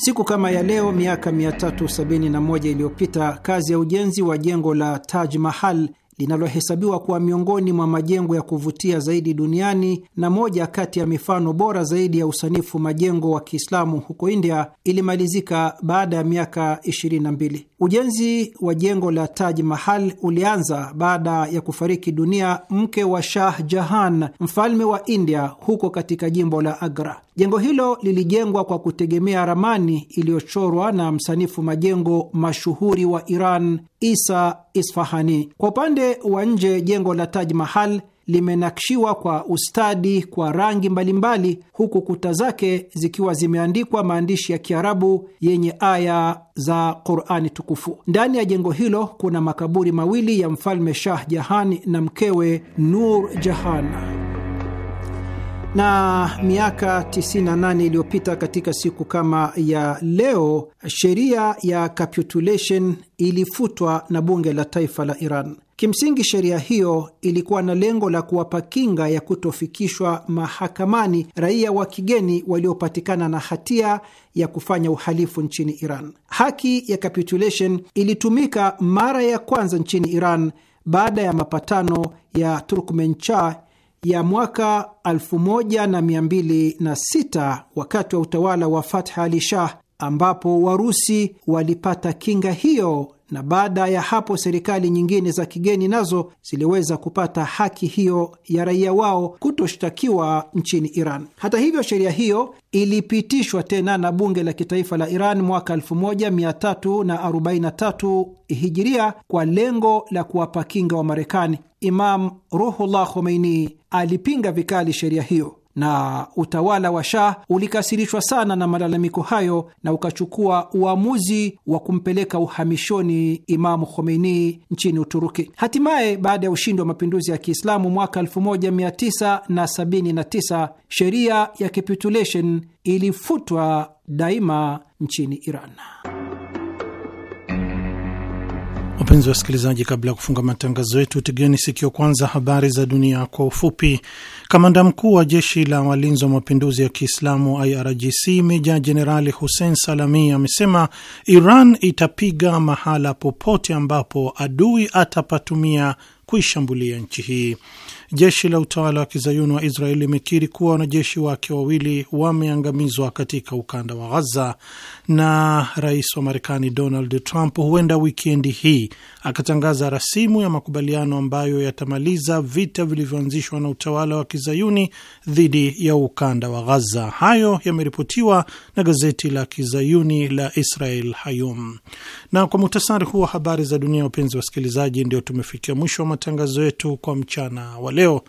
Siku kama ya leo miaka 371 iliyopita kazi ya ujenzi wa jengo la Taj Mahal linalohesabiwa kuwa miongoni mwa majengo ya kuvutia zaidi duniani na moja kati ya mifano bora zaidi ya usanifu majengo wa Kiislamu huko India, ilimalizika baada ya miaka 22. Ujenzi wa jengo la Taj Mahal ulianza baada ya kufariki dunia mke wa Shah Jahan, mfalme wa India, huko katika jimbo la Agra. Jengo hilo lilijengwa kwa kutegemea ramani iliyochorwa na msanifu majengo mashuhuri wa Iran Isa Isfahani. Kwa upande wa nje, jengo la Taj Mahal limenakshiwa kwa ustadi kwa rangi mbalimbali, huku kuta zake zikiwa zimeandikwa maandishi ya Kiarabu yenye aya za Qurani tukufu. Ndani ya jengo hilo kuna makaburi mawili ya mfalme Shah Jahani na mkewe Nur Jahan na miaka 98 iliyopita katika siku kama ya leo, sheria ya capitulation ilifutwa na bunge la taifa la Iran. Kimsingi, sheria hiyo ilikuwa na lengo la kuwapa kinga ya kutofikishwa mahakamani raia wa kigeni waliopatikana na hatia ya kufanya uhalifu nchini Iran. Haki ya capitulation ilitumika mara ya kwanza nchini Iran baada ya mapatano ya Turkmenchai ya mwaka 1206 wakati wa utawala wa fatha Ali Shah ambapo Warusi walipata kinga hiyo na baada ya hapo serikali nyingine za kigeni nazo ziliweza kupata haki hiyo ya raia wao kutoshtakiwa nchini Iran. Hata hivyo, sheria hiyo ilipitishwa tena na bunge la kitaifa la Iran mwaka 1343 hijiria kwa lengo la kuwapa kinga wa Marekani. Imam Ruhullah Khomeini alipinga vikali sheria hiyo na utawala wa Shah ulikasirishwa sana na malalamiko hayo na ukachukua uamuzi wa kumpeleka uhamishoni Imamu Khomeini nchini Uturuki. Hatimaye, baada ya ushindi wa mapinduzi ya Kiislamu mwaka 1979 sheria ya capitulation ilifutwa daima nchini Iran. Wapenzi wasikilizaji, kabla ya kufunga matangazo yetu, tegeni sikio kwanza habari za dunia kwa ufupi. Kamanda mkuu wa jeshi la walinzi wa mapinduzi ya Kiislamu IRGC meja jenerali Hussein Salami amesema Iran itapiga mahala popote ambapo adui atapatumia kuishambulia nchi hii. Jeshi la utawala wa kizayuni wa Israeli limekiri kuwa wanajeshi wake wawili wameangamizwa katika ukanda wa Ghaza na rais wa Marekani Donald Trump huenda wikendi hii akatangaza rasimu ya makubaliano ambayo yatamaliza vita vilivyoanzishwa na utawala wa kizayuni dhidi ya ukanda wa Ghaza. Hayo yameripotiwa na gazeti la kizayuni la Israel Hayom. Na kwa muhtasari huu wa habari za dunia, wapenzi wasikilizaji, ndio tumefikia mwisho wa matangazo yetu kwa mchana wa leo.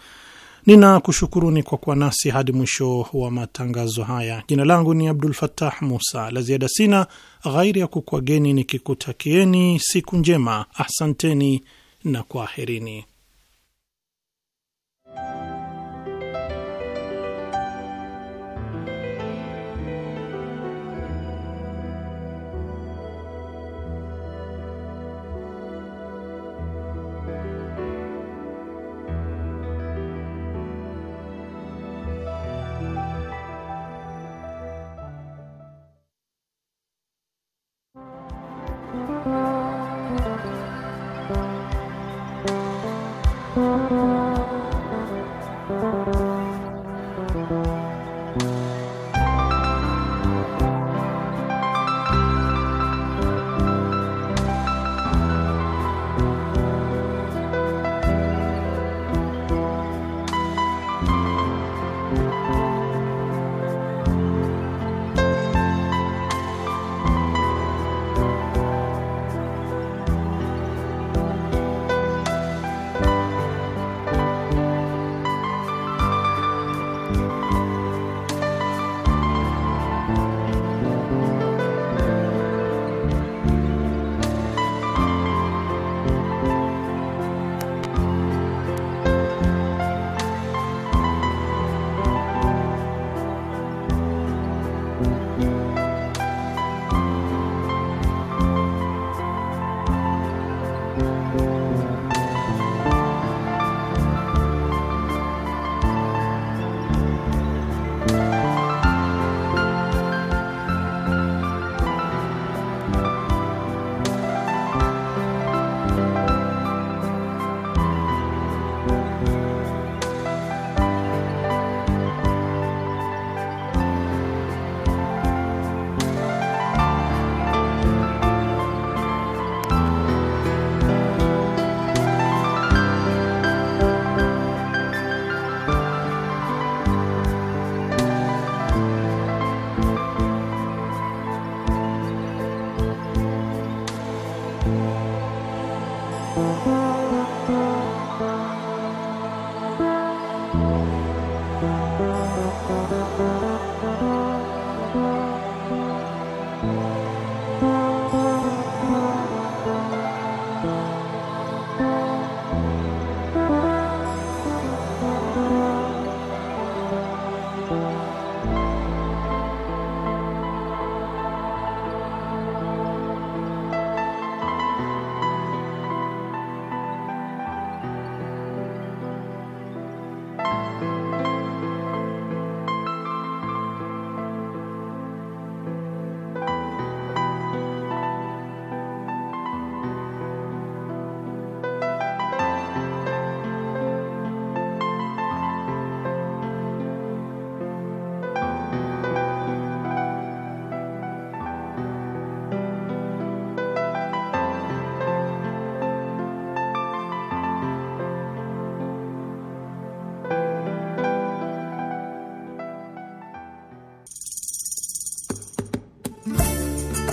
Ninakushukuruni kwa kuwa nasi hadi mwisho wa matangazo haya. Jina langu ni Abdul Fattah Musa. La ziada sina ghairi ya kukwageni nikikutakieni siku njema. Asanteni na kwaherini.